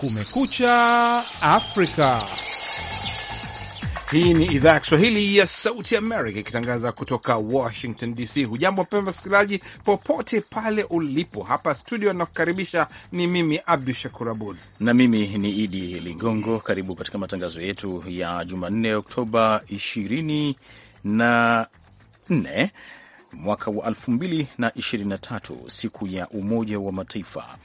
Kumekucha Afrika. Hii ni idhaa ya Kiswahili ya Sauti Amerika ikitangaza kutoka Washington DC. Hujambo mpema msikilizaji, popote pale ulipo. Hapa studio nakukaribisha ni mimi Abdu Shakur Abud na mimi ni Idi Ligongo. Karibu katika matangazo yetu ya Jumanne, Oktoba 20 na 4 mwaka wa 2023 siku ya Umoja wa Mataifa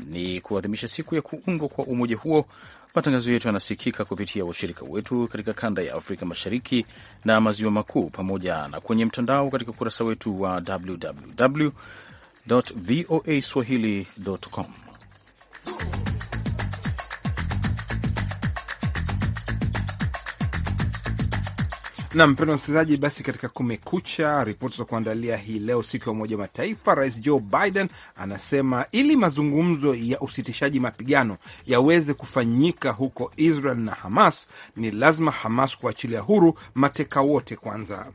ni kuadhimisha siku ya kuundwa kwa umoja huo. Matangazo yetu yanasikika kupitia washirika wetu katika kanda ya Afrika Mashariki na Maziwa Makuu, pamoja na kwenye mtandao katika ukurasa wetu wa www voa swahili.com. Nam mpendo msikilizaji, basi katika Kumekucha, ripoti za kuandalia hii leo, siku ya Umoja Mataifa, Rais Joe Biden anasema ili mazungumzo ya usitishaji mapigano yaweze kufanyika huko Israel na Hamas ni lazima Hamas kuachilia huru mateka wote kwanza.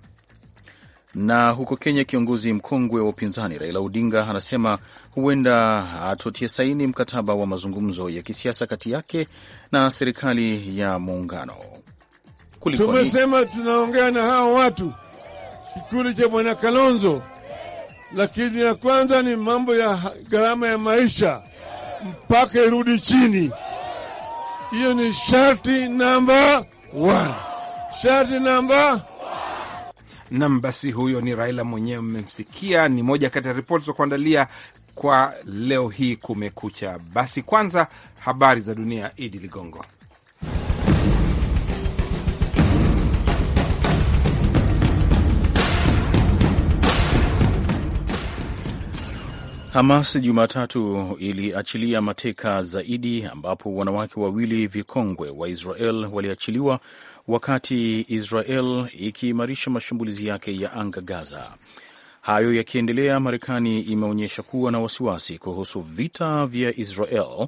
Na huko Kenya, kiongozi mkongwe wa upinzani Raila Odinga anasema huenda atotie saini mkataba wa mazungumzo ya kisiasa kati yake na serikali ya muungano kuliko tumesema tunaongea na hawa watu kikundi cha bwana Kalonzo, lakini ya kwanza ni mambo ya gharama ya maisha mpaka irudi chini. Hiyo ni sharti namba one, sharti namba nam. Basi huyo ni Raila mwenyewe, mmemsikia. Ni moja kati ya ripoti za kuandalia kwa leo hii Kumekucha. Basi kwanza habari za dunia, Idi Ligongo. Hamas Jumatatu iliachilia mateka zaidi, ambapo wanawake wawili vikongwe wa Israel waliachiliwa wakati Israel ikiimarisha mashambulizi yake ya anga Gaza. Hayo yakiendelea, Marekani imeonyesha kuwa na wasiwasi kuhusu vita vya Israel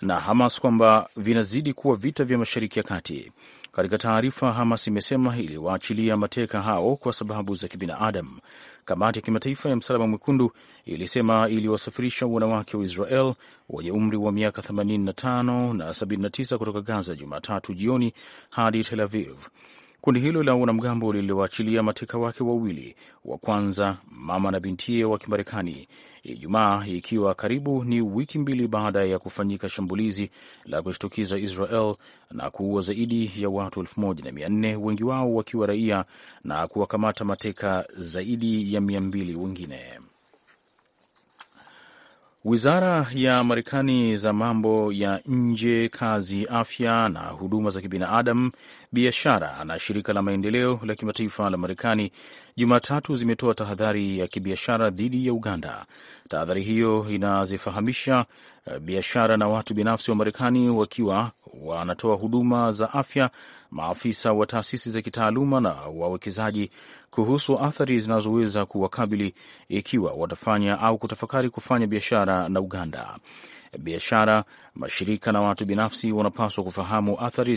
na Hamas kwamba vinazidi kuwa vita vya Mashariki ya Kati. Katika taarifa, Hamas imesema iliwaachilia mateka hao kwa sababu za kibinadamu. Kamati ya Kimataifa ya Msalaba Mwekundu ilisema iliwasafirisha wanawake wa Israel wenye umri wa miaka 85 na 79 kutoka Gaza Jumatatu jioni hadi Tel Aviv Kundi hilo la wanamgambo lililoachilia mateka wake wawili wa kwanza, mama na bintie wa Kimarekani, Ijumaa, ikiwa karibu ni wiki mbili baada ya kufanyika shambulizi la kushtukiza Israel na kuua zaidi ya watu 1400 wengi wao wakiwa raia na kuwakamata mateka zaidi ya 200 wengine. Wizara ya Marekani za mambo ya nje, kazi, afya na huduma za kibinadamu, biashara na shirika la maendeleo la kimataifa la Marekani Jumatatu zimetoa tahadhari ya kibiashara dhidi ya Uganda. Tahadhari hiyo inazifahamisha eh, biashara na watu binafsi wa Marekani wakiwa wanatoa huduma za afya, maafisa wa taasisi za kitaaluma na wawekezaji kuhusu athari zinazoweza kuwakabili ikiwa watafanya au kutafakari kufanya biashara na Uganda. Biashara, mashirika na watu binafsi wanapaswa kufahamu athari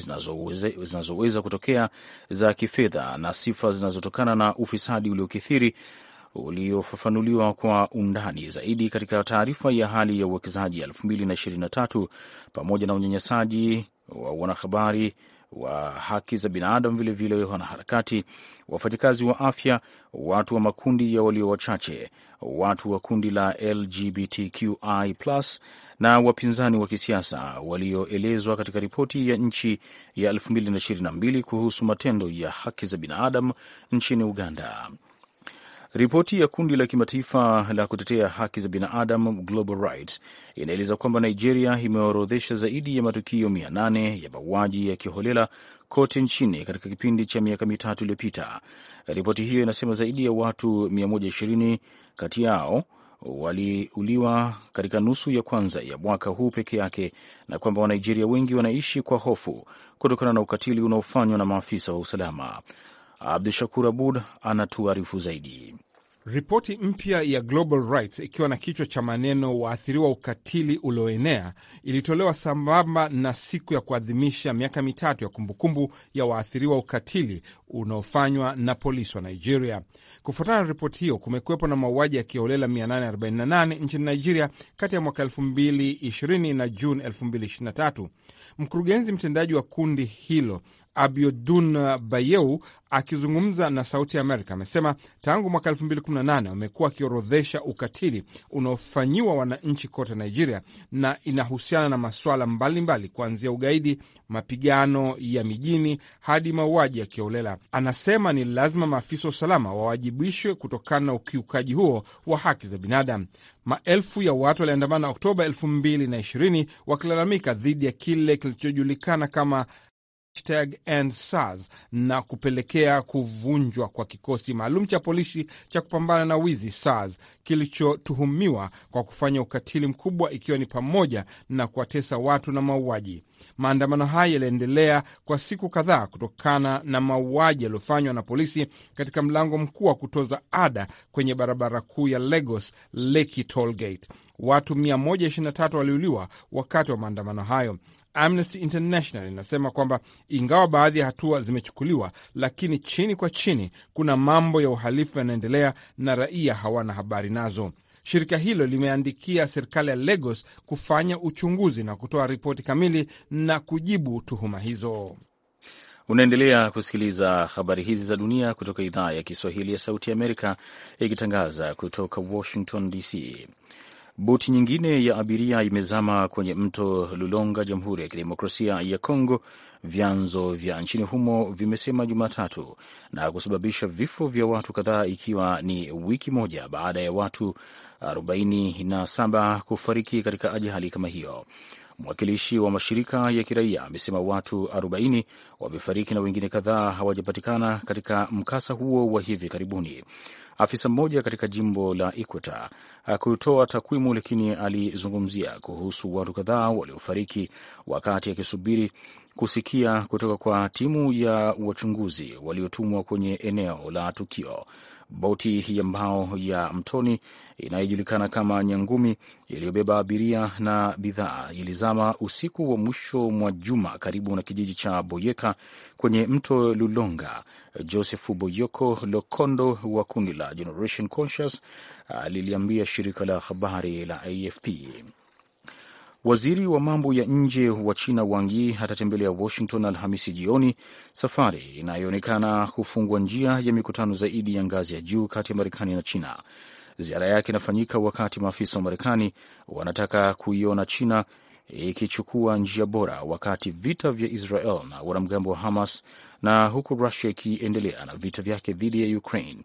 zinazoweza kutokea za kifedha na sifa zinazotokana na ufisadi uliokithiri uliofafanuliwa kwa undani zaidi katika taarifa ya hali ya uwekezaji 2023 pamoja na unyanyasaji wa wanahabari wa haki za binadamu, vilevile wanaharakati, wafanyakazi wa afya, watu wa makundi ya walio wachache, watu wa kundi la LGBTQI na wapinzani wa kisiasa walioelezwa katika ripoti ya nchi ya 2022 kuhusu matendo ya haki za binadamu nchini Uganda. Ripoti ya kundi la kimataifa la kutetea haki za binadamu Global Rights inaeleza kwamba Nigeria imeorodhesha zaidi ya matukio 8 ya mauaji ya kiholela kote nchini katika kipindi cha miaka mitatu iliyopita. Ripoti hiyo inasema zaidi ya watu 120 kati yao waliuliwa katika nusu ya kwanza ya mwaka huu peke yake, na kwamba Wanigeria wengi wanaishi kwa hofu kutokana na ukatili unaofanywa na maafisa wa usalama. Abdu Shakur Abud anatuarifu zaidi. Ripoti mpya ya Global Rights ikiwa na kichwa cha maneno waathiriwa ukatili ulioenea ilitolewa sambamba na siku ya kuadhimisha miaka mitatu ya kumbukumbu ya waathiriwa ukatili unaofanywa na polisi wa Nigeria. Kufuatana na ripoti hiyo, kumekuwepo na mauaji ya kiholela 848 nchini Nigeria kati ya mwaka 2020 na Juni 2023. Mkurugenzi mtendaji wa kundi hilo Abiodun Bayeu akizungumza na Sauti ya Amerika amesema tangu mwaka 2018 wamekuwa wakiorodhesha ukatili unaofanyiwa wananchi kote Nigeria, na inahusiana na masuala mbalimbali kuanzia ugaidi, mapigano ya mijini hadi mauaji ya Anasema ni lazima maafisa wa usalama wawajibishwe kutokana na ukiukaji huo wa haki za binadamu. Maelfu ya watu waliandamana Oktoba 2020 wakilalamika dhidi ya kile kilichojulikana kama hashtag End SARS na kupelekea kuvunjwa kwa kikosi maalum cha polisi cha kupambana na wizi SARS kilichotuhumiwa kwa kufanya ukatili mkubwa ikiwa ni pamoja na kuwatesa watu na mauaji. Maandamano haya yaliendelea kwa siku kadhaa kutokana na mauaji yaliyofanywa na polisi katika mlango mkuu wa kutoza ada kwenye barabara kuu ya Lagos, Lekki Tollgate. Watu 123 waliuliwa wakati wa maandamano hayo. Amnesty International inasema kwamba ingawa baadhi ya hatua zimechukuliwa, lakini chini kwa chini kuna mambo ya uhalifu yanaendelea na raia hawana habari nazo. Shirika hilo limeandikia serikali ya Lagos kufanya uchunguzi na kutoa ripoti kamili na kujibu tuhuma hizo. Unaendelea kusikiliza habari hizi za dunia kutoka idhaa ya Kiswahili ya Sauti ya Amerika, ikitangaza kutoka Washington DC. Boti nyingine ya abiria imezama kwenye mto Lulonga, Jamhuri ya Kidemokrasia ya Kongo, vyanzo vya nchini humo vimesema Jumatatu, na kusababisha vifo vya watu kadhaa, ikiwa ni wiki moja baada ya watu 47 kufariki katika ajali kama hiyo. Mwakilishi wa mashirika ya kiraia amesema watu 40 wamefariki na wengine kadhaa hawajapatikana katika mkasa huo wa hivi karibuni. Afisa mmoja katika jimbo la Ikweta hakutoa takwimu, lakini alizungumzia kuhusu watu kadhaa waliofariki wakati akisubiri kusikia kutoka kwa timu ya wachunguzi waliotumwa kwenye eneo la tukio. Boti ya mbao ya mtoni inayojulikana kama Nyangumi iliyobeba abiria na bidhaa ilizama usiku wa mwisho mwa juma karibu na kijiji cha Boyeka kwenye mto Lulonga. Joseph Boyoko Lokondo wa kundi la Generation Conscious aliliambia shirika la habari la AFP. Waziri wa mambo ya nje wa China Wang Yi atatembelea Washington Alhamisi jioni, safari inayoonekana kufungua njia ya mikutano zaidi ya ngazi ya juu kati ya Marekani na China. Ziara yake inafanyika wakati maafisa wa Marekani wanataka kuiona China ikichukua njia bora wakati vita vya Israel na wanamgambo wa Hamas na huku Rusia ikiendelea na vita vyake dhidi ya Ukraine.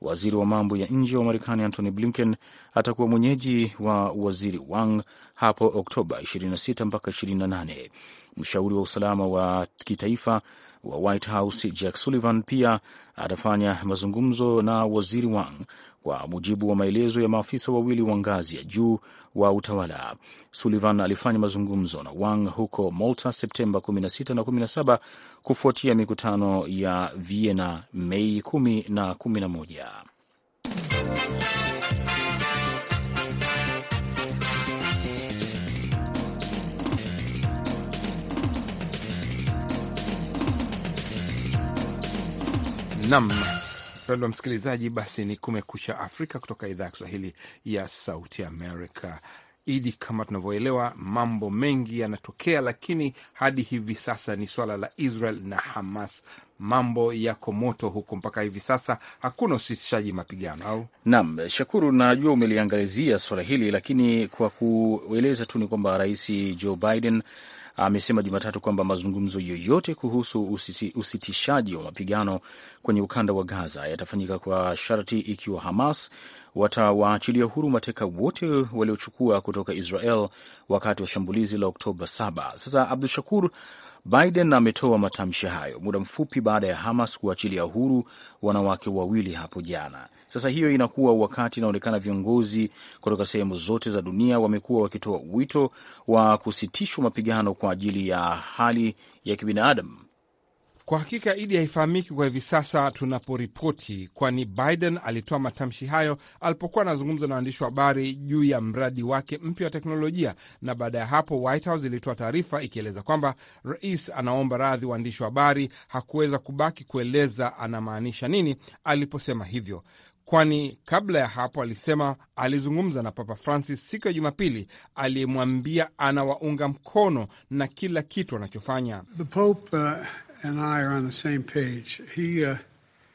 Waziri wa mambo ya nje wa Marekani Antony Blinken atakuwa mwenyeji wa waziri Wang hapo Oktoba 26 mpaka 28. Mshauri wa usalama wa kitaifa wa White House Jack Sullivan pia atafanya mazungumzo na waziri Wang kwa mujibu wa maelezo ya maafisa wawili wa ngazi ya juu wa utawala. Sullivan alifanya mazungumzo na Wang huko Malta Septemba 16 na 17 kufuatia mikutano ya Vienna Mei 10 na 11. Nam Mpendwa msikilizaji, basi ni Kumekucha Afrika kutoka idhaa ya Kiswahili ya Sauti Amerika. Idi, kama tunavyoelewa, mambo mengi yanatokea, lakini hadi hivi sasa ni swala la Israel na Hamas. Mambo yako moto huko mpaka hivi sasa, hakuna usitishaji mapigano au? nam Shakuru, najua umeliangalizia swala hili, lakini kwa kueleza tu ni kwamba Rais Joe Biden amesema Jumatatu kwamba mazungumzo yoyote kuhusu usiti, usitishaji wa mapigano kwenye ukanda wa Gaza yatafanyika kwa sharti ikiwa Hamas watawaachilia huru mateka wote waliochukua kutoka Israel wakati wa shambulizi la Oktoba 7. Sasa Abdu Shakur Biden ametoa matamshi hayo muda mfupi baada ya Hamas kuachilia huru wanawake wawili hapo jana. Sasa hiyo inakuwa wakati inaonekana viongozi kutoka sehemu zote za dunia wamekuwa wakitoa wito wa kusitishwa mapigano kwa ajili ya hali ya kibinadamu kwa hakika Idi haifahamiki kwa hivi sasa tunaporipoti, kwani Biden alitoa matamshi hayo alipokuwa anazungumza na waandishi wa habari juu ya mradi wake mpya wa teknolojia, na baada ya hapo White House ilitoa taarifa ikieleza kwamba rais anaomba radhi waandishi wa habari. Hakuweza kubaki kueleza anamaanisha nini aliposema hivyo, kwani kabla ya hapo alisema alizungumza na Papa Francis siku ya Jumapili, aliyemwambia anawaunga mkono na kila kitu anachofanya. The Pope, uh and I are on the same page. He, uh,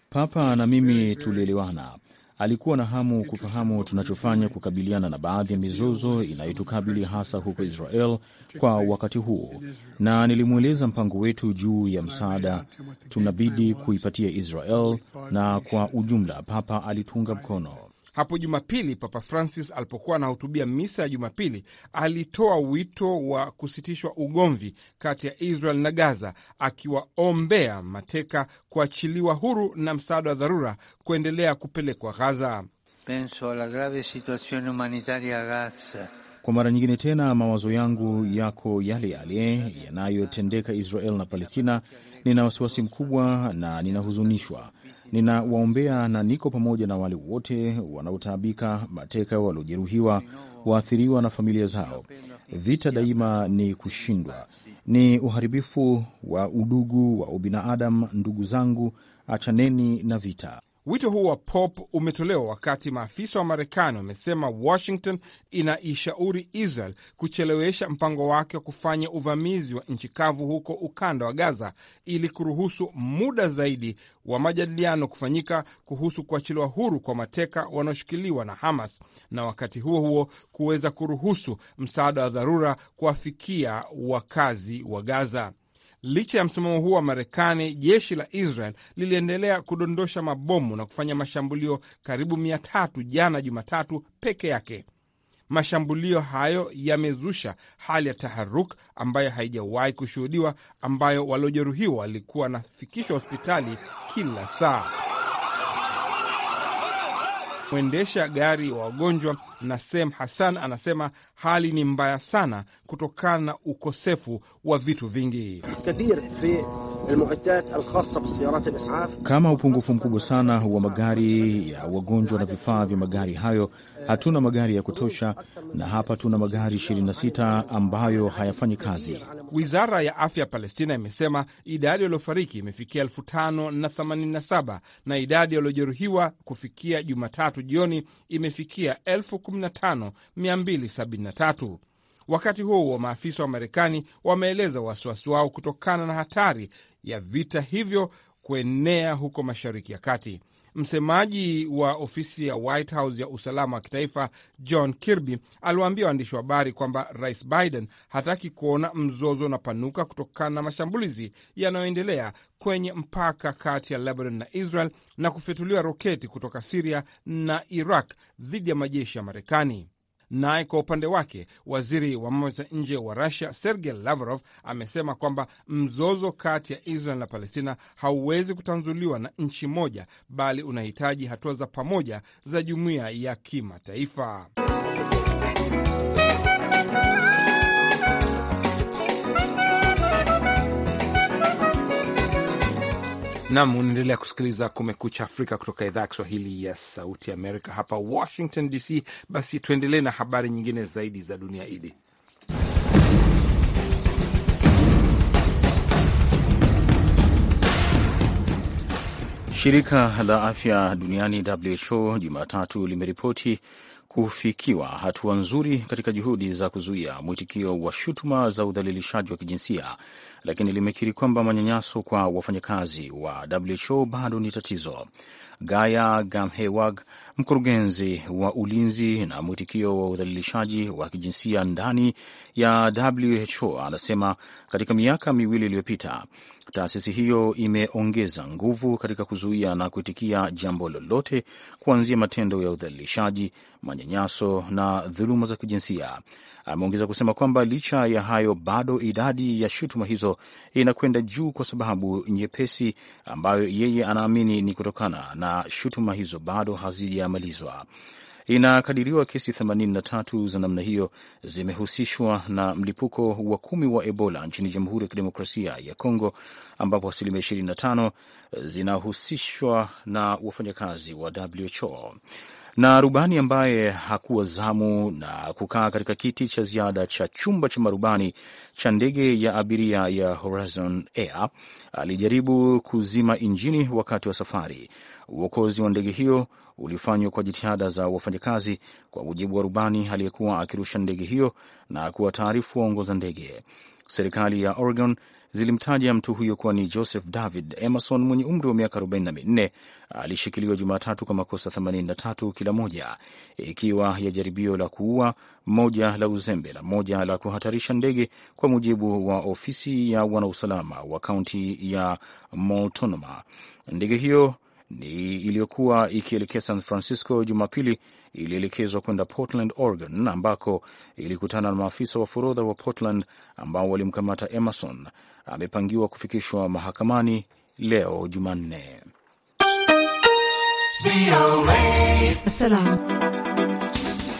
Papa na mimi tulielewana. Alikuwa na hamu kufahamu tunachofanya kukabiliana na baadhi ya mizozo inayotukabili hasa huko Israel kwa wakati huu, na nilimweleza mpango wetu juu ya msaada tunabidi kuipatia Israel, na kwa ujumla Papa alitunga mkono. Hapo Jumapili, Papa Francis alipokuwa anahutubia misa ya Jumapili alitoa wito wa kusitishwa ugomvi kati ya Israel na Gaza, akiwaombea mateka kuachiliwa huru na msaada wa dharura kuendelea kupelekwa Gaza. Penso alla grave situazione umanitaria Gaza. Kwa mara nyingine tena mawazo yangu yako yale yale yanayotendeka Israel na Palestina. Nina wasiwasi mkubwa na ninahuzunishwa Ninawaombea na niko pamoja na wale wote wanaotaabika, mateka waliojeruhiwa, waathiriwa na familia zao. Vita daima ni kushindwa, ni uharibifu wa udugu wa ubinadamu. Ndugu zangu, achaneni na vita. Wito huo wa pop umetolewa wakati maafisa wa Marekani wamesema Washington inaishauri Israel kuchelewesha mpango wake wa kufanya uvamizi wa nchi kavu huko ukanda wa Gaza ili kuruhusu muda zaidi wa majadiliano kufanyika kuhusu kuachiliwa huru kwa mateka wanaoshikiliwa na Hamas na wakati huo huo kuweza kuruhusu msaada wa dharura kuwafikia wakazi wa Gaza. Licha ya msimamo huo wa Marekani, jeshi la Israel liliendelea kudondosha mabomu na kufanya mashambulio karibu mia tatu jana Jumatatu peke yake. Mashambulio hayo yamezusha hali ya taharuk ambayo haijawahi kushuhudiwa, ambayo waliojeruhiwa walikuwa wanafikishwa hospitali kila saa kuendesha gari wa wagonjwa Nasem Hassan anasema hali ni mbaya sana kutokana na ukosefu wa vitu vingi. Kama upungufu mkubwa sana wa magari ya wagonjwa na vifaa vya magari hayo, hatuna magari ya kutosha, na hapa tuna magari 26 ambayo hayafanyi kazi. Wizara ya afya ya Palestina imesema idadi waliofariki imefikia 587 na na idadi waliojeruhiwa kufikia Jumatatu jioni imefikia 15273 Wakati huo huo, maafisa wa Marekani wameeleza wasiwasi wao kutokana na hatari ya vita hivyo kuenea huko Mashariki ya Kati. Msemaji wa ofisi ya White House ya usalama wa kitaifa John Kirby aliwaambia waandishi wa habari kwamba Rais Biden hataki kuona mzozo unapanuka kutokana na mashambulizi yanayoendelea kwenye mpaka kati ya Lebanon na Israel na kufyatuliwa roketi kutoka Siria na Iraq dhidi ya majeshi ya Marekani. Naye kwa upande wake waziri wa mambo ya nje wa Rusia Sergei Lavrov amesema kwamba mzozo kati ya Israel na Palestina hauwezi kutanzuliwa na nchi moja, bali unahitaji hatua za pamoja za jumuiya ya kimataifa. Nam, unaendelea kusikiliza Kumekucha Afrika kutoka idhaa ya Kiswahili ya Sauti Amerika hapa Washington DC. Basi tuendelee na habari nyingine zaidi za dunia. Idi Shirika la Afya Duniani WHO Jumatatu limeripoti kufikiwa hatua nzuri katika juhudi za kuzuia mwitikio wa shutuma za udhalilishaji wa kijinsia, lakini limekiri kwamba manyanyaso kwa wafanyakazi wa WHO bado ni tatizo. Gaya Gamhewag mkurugenzi wa ulinzi na mwitikio wa udhalilishaji wa kijinsia ndani ya WHO anasema katika miaka miwili iliyopita taasisi hiyo imeongeza nguvu katika kuzuia na kuitikia jambo lolote, kuanzia matendo ya udhalilishaji, manyanyaso na dhuluma za kijinsia. Ameongeza kusema kwamba licha ya hayo, bado idadi ya shutuma hizo inakwenda juu kwa sababu nyepesi ambayo yeye anaamini ni kutokana na shutuma hizo bado hazija haijamalizwa. Inakadiriwa kesi 83 za namna hiyo zimehusishwa na mlipuko wa kumi wa Ebola nchini Jamhuri ya Kidemokrasia ya Kongo, ambapo asilimia 25 zinahusishwa na wafanyakazi wa WHO. Na rubani ambaye hakuwa zamu na kukaa katika kiti cha ziada cha chumba cha marubani cha ndege ya abiria ya Horizon Air alijaribu kuzima injini wakati wa safari Uokozi wa ndege hiyo ulifanywa kwa jitihada za wafanyakazi, kwa mujibu wa rubani aliyekuwa akirusha ndege hiyo na kuwa taarifu waongoza ndege. Serikali ya Oregon zilimtaja mtu huyo kuwa ni Joseph David Emerson mwenye umri wa miaka 44. Alishikiliwa Jumatatu kwa makosa 83 kila moja, ikiwa ya jaribio la kuua, moja la uzembe na moja la kuhatarisha ndege, kwa mujibu wa ofisi ya wanausalama wa kaunti ya Multnomah. Ndege hiyo ni iliyokuwa ikielekea San Francisco Jumapili ilielekezwa kwenda Portland, Oregon, ambako ilikutana na maafisa wa forodha wa Portland ambao walimkamata Emerson. Amepangiwa kufikishwa mahakamani leo Jumanne.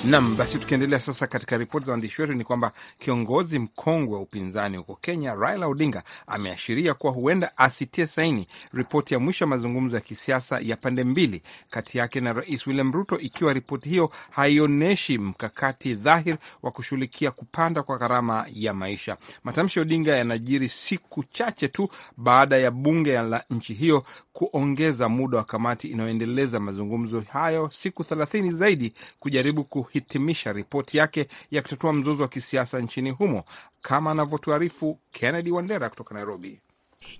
Nam, basi tukiendelea sasa katika ripoti za waandishi wetu ni kwamba kiongozi mkongwe wa upinzani huko Kenya, Raila Odinga, ameashiria kuwa huenda asitie saini ripoti ya mwisho ya mazungumzo ya kisiasa ya pande mbili kati yake na Rais William Ruto ikiwa ripoti hiyo haionyeshi mkakati dhahir wa kushughulikia kupanda kwa gharama ya maisha. Matamshi ya Odinga yanajiri siku chache tu baada ya bunge la nchi hiyo kuongeza muda wa kamati inayoendeleza mazungumzo hayo siku thelathini zaidi kujaribu kuhitimisha ripoti yake ya kutatua mzozo wa kisiasa nchini humo, kama anavyotuarifu Kennedy Wandera kutoka Nairobi.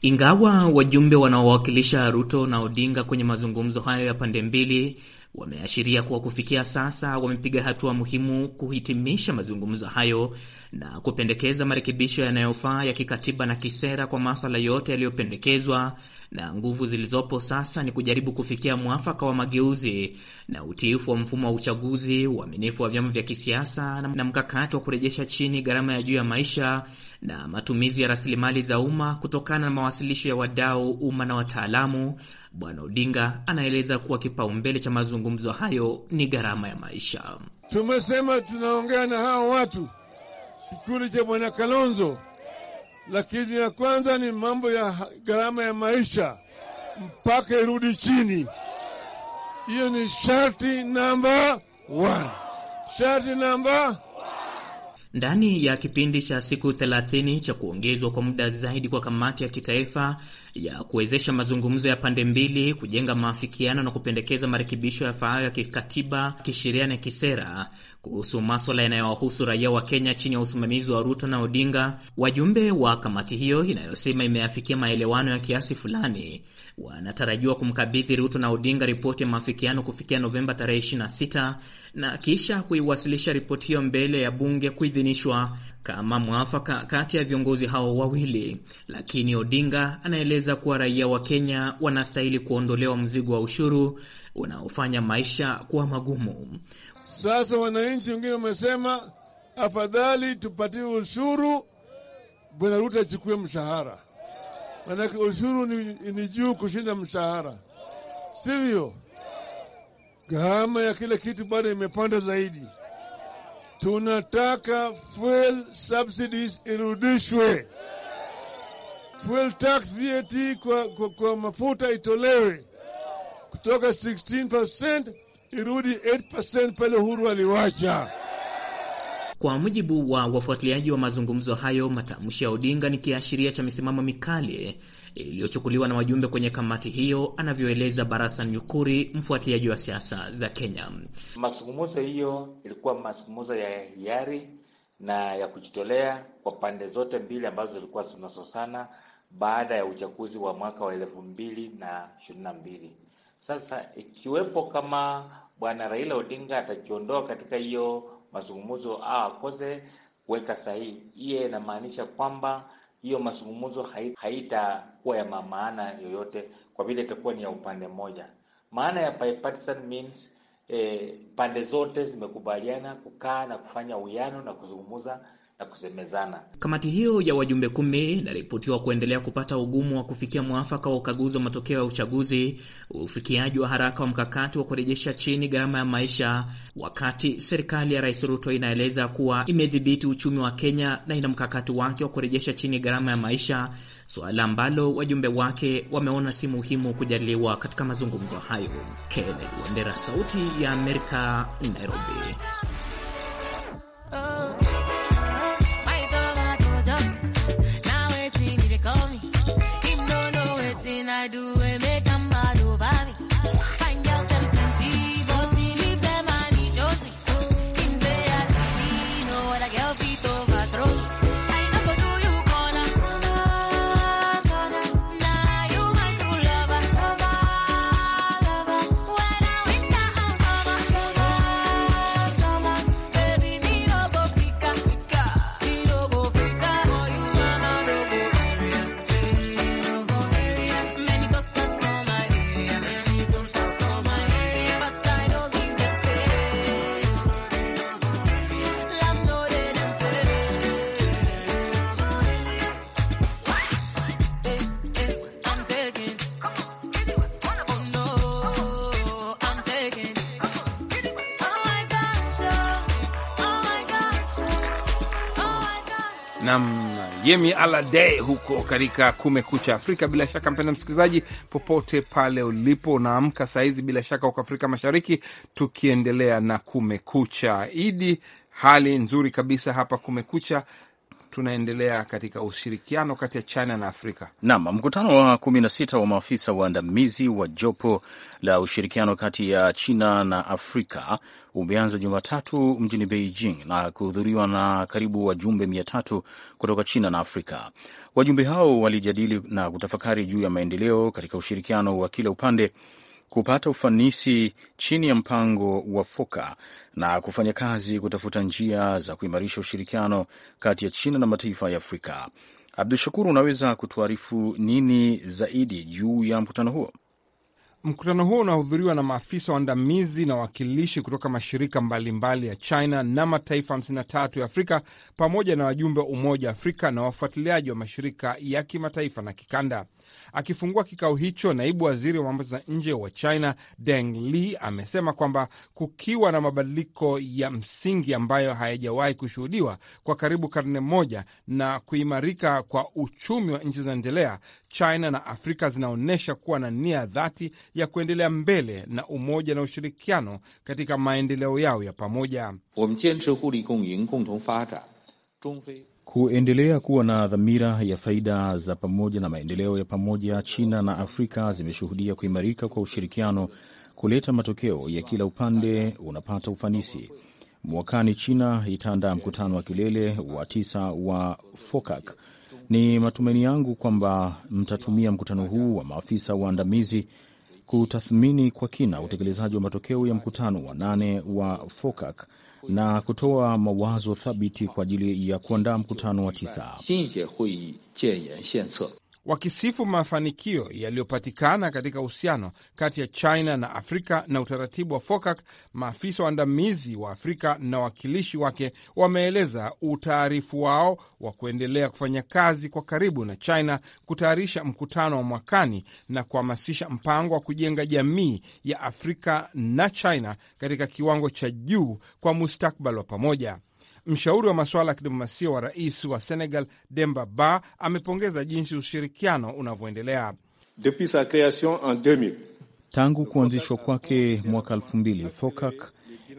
Ingawa wajumbe wanaowakilisha Ruto na Odinga kwenye mazungumzo hayo ya pande mbili wameashiria kuwa kufikia sasa wamepiga hatua muhimu kuhitimisha mazungumzo hayo na kupendekeza marekebisho yanayofaa ya kikatiba na kisera kwa maswala yote yaliyopendekezwa, na nguvu zilizopo sasa ni kujaribu kufikia mwafaka wa mageuzi na utiifu wa mfumo wa uchaguzi, uaminifu wa vyama vya kisiasa na mkakati wa kurejesha chini gharama ya juu ya maisha na matumizi ya rasilimali za umma kutokana na mawasilisho ya wadau umma na wataalamu, Bwana Odinga anaeleza kuwa kipaumbele cha mazungumzo hayo ni gharama ya maisha. Tumesema tunaongea na hawa watu kikundi cha Bwana Kalonzo, lakini ya kwanza ni mambo ya gharama ya maisha mpaka irudi chini. Hiyo ni sharti namba Sharti namba ndani ya kipindi cha siku 30 cha kuongezwa kwa muda zaidi kwa kamati ya kitaifa ya kuwezesha mazungumzo ya pande mbili kujenga maafikiano na kupendekeza marekebisho ya faa ya kikatiba, kisheria na kisera kuhusu maswala yanayowahusu raia wa Kenya chini ya usimamizi wa Ruto na Odinga. Wajumbe wa kamati hiyo inayosema imeafikia maelewano ya kiasi fulani wanatarajiwa kumkabidhi Ruto na Odinga ripoti ya maafikiano kufikia Novemba tarehe 26 na kisha kuiwasilisha ripoti hiyo mbele ya bunge kuidhinishwa kama mwafaka kati ya viongozi hao wawili. Lakini Odinga anaeleza kuwa raia wa Kenya wanastahili kuondolewa mzigo wa ushuru unaofanya maisha kuwa magumu. Sasa wananchi wengine wamesema afadhali tupatie ushuru, Bwana Ruto achukue mshahara, maanake ushuru ni, ni juu kushinda mshahara, sivyo? Gharama ya kila kitu bado imepanda zaidi. Tunataka fuel subsidies irudishwe, fuel tax VAT kwa, kwa, kwa mafuta itolewe kutoka 16% irudi 8% pale Uhuru aliwacha. Kwa mujibu wa wafuatiliaji wa mazungumzo hayo, matamshi ya Odinga ni kiashiria cha misimamo mikali iliyochukuliwa na wajumbe kwenye kamati hiyo, anavyoeleza Barasan Nyukuri, mfuatiliaji wa siasa za Kenya. Mazungumzo hiyo ilikuwa mazungumzo ya hiari na ya kujitolea kwa pande zote mbili ambazo zilikuwa zinasosana baada ya uchaguzi wa mwaka wa elfu mbili na ishirini na mbili. Sasa ikiwepo kama Bwana Raila Odinga atajiondoa katika hiyo mazungumzo au ah, akose kuweka sahihi, hiyo inamaanisha kwamba hiyo mazungumzo haitakuwa ya maana yoyote, kwa vile itakuwa ni ya upande mmoja. Maana ya bipartisan means eh, pande zote zimekubaliana kukaa na kufanya uwiano na kuzungumza na kusemezana. Kamati hiyo ya wajumbe kumi inaripotiwa kuendelea kupata ugumu wa kufikia mwafaka wa ukaguzi wa matokeo ya uchaguzi, ufikiaji wa haraka wa mkakati wa kurejesha chini gharama ya maisha, wakati serikali ya Rais Ruto inaeleza kuwa imedhibiti uchumi wa Kenya na ina mkakati wake wa kurejesha chini gharama ya maisha, suala ambalo wajumbe wake wameona si muhimu kujaliwa katika mazungumzo hayo. Kennedy Wandera, Sauti ya Amerika, Nairobi. nam Yemi Alade huko katika Kumekucha Afrika. Bila shaka mpenda msikilizaji, popote pale ulipo unaamka saa hizi, bila shaka huko Afrika Mashariki, tukiendelea na Kumekucha. Idi, hali nzuri kabisa hapa Kumekucha tunaendelea katika ushirikiano kati ya China na Afrika. Naam, mkutano wa sita wa maafisa waandamizi wa jopo la ushirikiano kati ya China na Afrika umeanza Jumatatu mjini Beijing na kuhudhuriwa na karibu wajumbe mia tatu kutoka China na Afrika. Wajumbe hao walijadili na kutafakari juu ya maendeleo katika ushirikiano wa kila upande kupata ufanisi chini ya mpango wa FOKA na kufanya kazi kutafuta njia za kuimarisha ushirikiano kati ya China na mataifa ya Afrika. Abdu Shakuru, unaweza kutuarifu nini zaidi juu ya mkutano huo? Mkutano huo unahudhuriwa na maafisa waandamizi na wawakilishi kutoka mashirika mbalimbali mbali ya China na mataifa 53 ya Afrika pamoja na wajumbe wa Umoja wa Afrika na wafuatiliaji wa mashirika ya kimataifa na kikanda. Akifungua kikao hicho, naibu waziri wa mambo za nje wa China Deng Li amesema kwamba kukiwa na mabadiliko ya msingi ambayo hayajawahi kushuhudiwa kwa karibu karne moja na kuimarika kwa uchumi wa nchi zinaendelea, China na Afrika zinaonyesha kuwa na nia dhati ya kuendelea mbele na umoja na ushirikiano katika maendeleo yao ya pamoja kuendelea kuwa na dhamira ya faida za pamoja na maendeleo ya pamoja, China na Afrika zimeshuhudia kuimarika kwa ushirikiano kuleta matokeo ya kila upande unapata ufanisi. Mwakani China itaandaa mkutano wa kilele wa tisa wa FOCAC. Ni matumaini yangu kwamba mtatumia mkutano huu wa maafisa waandamizi kutathmini kwa kina utekelezaji wa matokeo ya mkutano wa nane wa FOCAC na kutoa mawazo thabiti kwa ajili ya kuandaa mkutano wa tisa wakisifu mafanikio yaliyopatikana katika uhusiano kati ya China na Afrika na utaratibu wa FOCAC. Maafisa waandamizi wa Afrika na wawakilishi wake wameeleza utaarifu wao wa kuendelea kufanya kazi kwa karibu na China kutayarisha mkutano wa mwakani na kuhamasisha mpango wa kujenga jamii ya Afrika na China katika kiwango cha juu kwa mustakbal wa pamoja. Mshauri wa masuala ya kidiplomasia wa rais wa Senegal, Demba Ba, amepongeza jinsi ushirikiano unavyoendelea tangu kuanzishwa kwake mwaka elfu mbili. FOCAC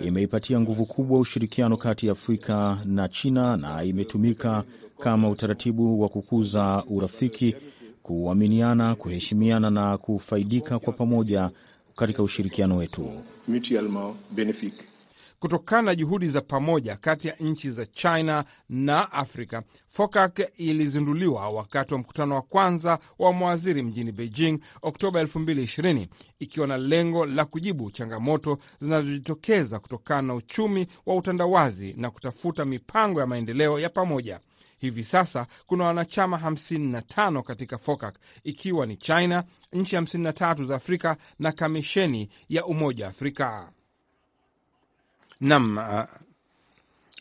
imeipatia nguvu kubwa ushirikiano kati ya Afrika na China na imetumika kama utaratibu wa kukuza urafiki, kuaminiana, kuheshimiana na kufaidika kwa pamoja katika ushirikiano wetu. Kutokana na juhudi za pamoja kati ya nchi za China na Afrika, FOCAC ilizinduliwa wakati wa mkutano wa kwanza wa mawaziri mjini Beijing Oktoba 2020 ikiwa na lengo la kujibu changamoto zinazojitokeza kutokana na uchumi wa utandawazi na kutafuta mipango ya maendeleo ya pamoja. Hivi sasa kuna wanachama 55 katika FOCAC ikiwa ni China, nchi 53 za Afrika na kamisheni ya Umoja wa Afrika. Nam,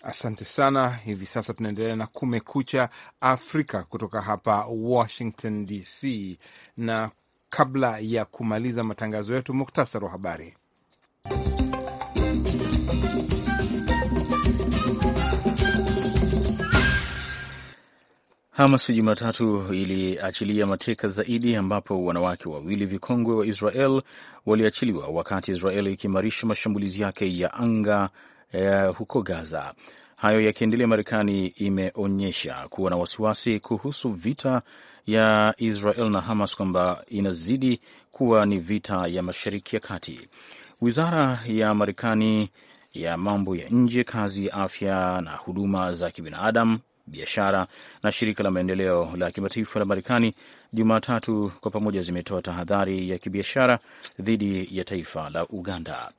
asante sana. Hivi sasa tunaendelea na Kumekucha Afrika kutoka hapa Washington DC, na kabla ya kumaliza matangazo yetu, muktasari wa habari. Hamas Jumatatu iliachilia mateka zaidi ambapo wanawake wawili vikongwe wa Israel waliachiliwa wakati Israel ikiimarisha mashambulizi yake ya anga eh, huko Gaza. Hayo yakiendelea, Marekani imeonyesha kuwa na wasiwasi kuhusu vita ya Israel na Hamas kwamba inazidi kuwa ni vita ya Mashariki ya Kati. Wizara ya Marekani ya mambo ya nje, kazi, afya na huduma za kibinadamu biashara na shirika la maendeleo la kimataifa la Marekani Jumatatu kwa pamoja zimetoa tahadhari ya kibiashara dhidi ya taifa la Uganda.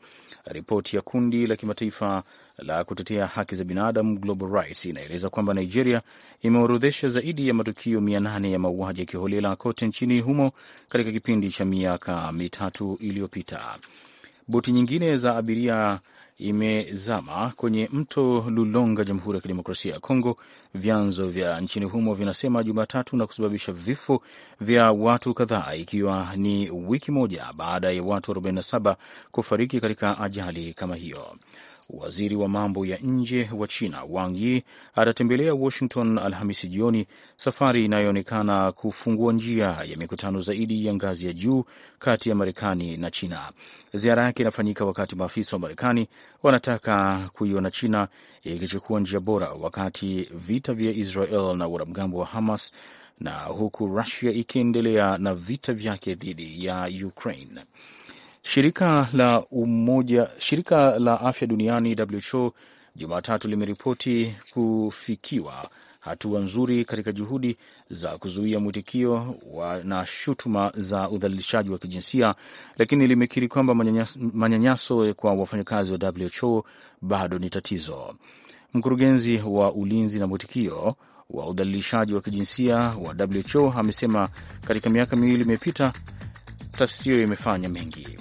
Ripoti ya kundi la kimataifa la kutetea haki za binadamu Global Rights inaeleza kwamba Nigeria imeorodhesha zaidi ya matukio 800 ya mauaji ya kiholela kote nchini humo katika kipindi cha miaka mitatu iliyopita. Boti nyingine za abiria imezama kwenye mto Lulonga, Jamhuri ya Kidemokrasia ya Kongo, vyanzo vya nchini humo vinasema Jumatatu, na kusababisha vifo vya watu kadhaa, ikiwa ni wiki moja baada ya watu 47 kufariki katika ajali kama hiyo. Waziri wa mambo ya nje wa China Wang Yi atatembelea Washington Alhamisi jioni, safari inayoonekana kufungua njia ya mikutano zaidi ya ngazi ya juu kati ya Marekani na China. Ziara yake inafanyika wakati maafisa wa Marekani wanataka kuiona China ikichukua njia bora wakati vita vya Israel na wanamgambo wa Hamas na huku Rusia ikiendelea na vita vyake dhidi ya Ukraine. Shirika la umoja, shirika la afya duniani WHO Jumatatu limeripoti kufikiwa hatua nzuri katika juhudi za kuzuia mwitikio na shutuma za udhalilishaji wa kijinsia, lakini limekiri kwamba manyanyaso kwa wafanyakazi wa WHO bado ni tatizo. Mkurugenzi wa ulinzi na mwitikio wa udhalilishaji wa kijinsia wa WHO amesema katika miaka miwili imepita taasisi hiyo imefanya mengi.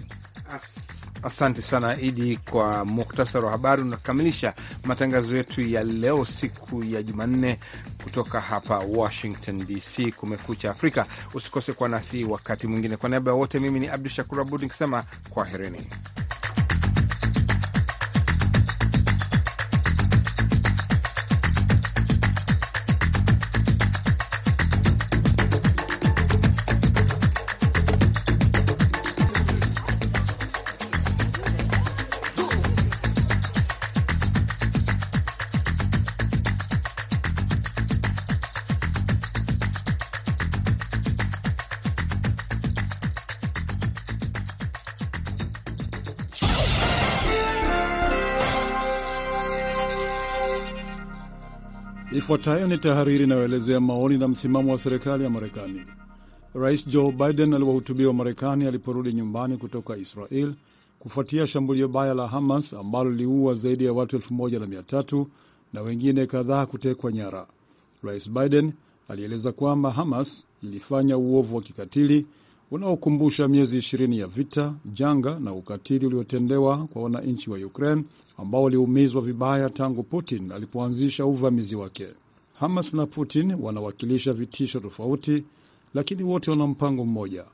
Asante sana Idi kwa muktasari wa habari. Unakamilisha matangazo yetu ya leo siku ya Jumanne kutoka hapa Washington DC, Kumekucha Afrika. Usikose kwa nasi wakati mwingine. Kwa niaba ya wote, mimi ni Abdu Shakur Abud nikisema kwaherini. Ifuatayo ni tahariri inayoelezea maoni na msimamo wa serikali ya Marekani. Rais Joe Biden aliwahutubia wa Marekani aliporudi nyumbani kutoka Israel kufuatia shambulio baya la Hamas ambalo liliua zaidi ya watu 1300 na wengine kadhaa kutekwa nyara. Rais Biden alieleza kwamba Hamas ilifanya uovu wa kikatili unaokumbusha miezi 20 ya vita, janga na ukatili uliotendewa kwa wananchi wa Ukraine ambao waliumizwa vibaya tangu Putin alipoanzisha uvamizi wake. Hamas na Putin wanawakilisha vitisho tofauti, lakini wote wana mpango mmoja.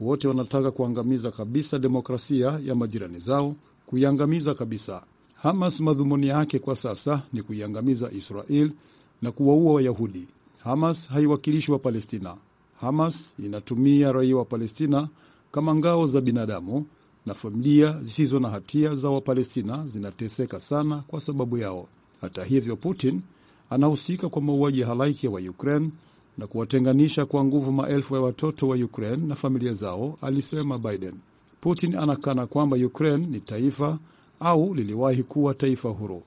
Wote wanataka kuangamiza kabisa demokrasia ya majirani zao, kuiangamiza kabisa. Hamas madhumuni yake kwa sasa ni kuiangamiza Israel na kuwaua Wayahudi. Hamas haiwakilishi wa Palestina. Hamas inatumia raia wa Palestina kama ngao za binadamu na familia zisizo na hatia za Wapalestina zinateseka sana kwa sababu yao. Hata hivyo, Putin anahusika kwa mauaji ya halaiki wa Ukraine na kuwatenganisha kwa nguvu maelfu ya watoto wa Ukraine na familia zao, alisema Biden. Putin anakana kwamba Ukraine ni taifa au liliwahi kuwa taifa huru.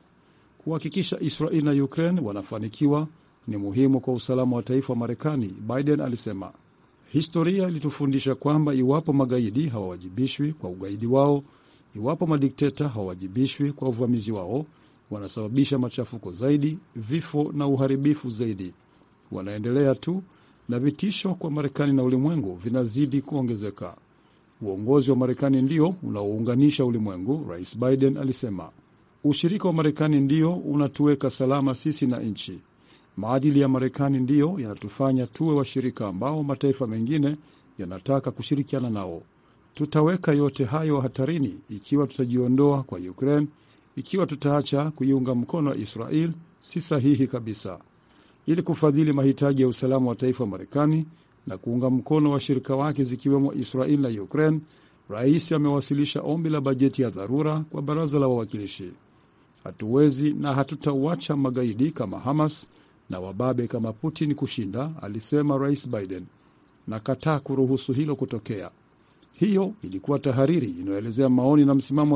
Kuhakikisha Israeli na Ukraine wanafanikiwa ni muhimu kwa usalama wa taifa wa Marekani, Biden alisema. Historia ilitufundisha kwamba iwapo magaidi hawawajibishwi kwa ugaidi wao, iwapo madikteta hawawajibishwi kwa uvamizi wao, wanasababisha machafuko zaidi, vifo na uharibifu zaidi. Wanaendelea tu na vitisho kwa Marekani na ulimwengu vinazidi kuongezeka. Uongozi wa Marekani ndio unaounganisha ulimwengu, Rais Biden alisema. Ushirika wa Marekani ndio unatuweka salama sisi na nchi Maadili ya Marekani ndiyo yanatufanya tuwe washirika ambao mataifa mengine yanataka kushirikiana nao. Tutaweka yote hayo hatarini ikiwa tutajiondoa kwa Ukraine. Ikiwa tutaacha kuiunga mkono Israel, si sahihi kabisa. Ili kufadhili mahitaji ya usalama wa taifa wa Marekani na kuunga mkono washirika wake zikiwemo Israel na Ukraine, rais amewasilisha ombi la bajeti ya dharura kwa baraza la wawakilishi. Hatuwezi na hatutauacha magaidi kama Hamas na wababe kama Putin kushinda, alisema Rais Biden. Nakataa kuruhusu hilo kutokea. Hiyo ilikuwa tahariri inayoelezea maoni na msimamo wa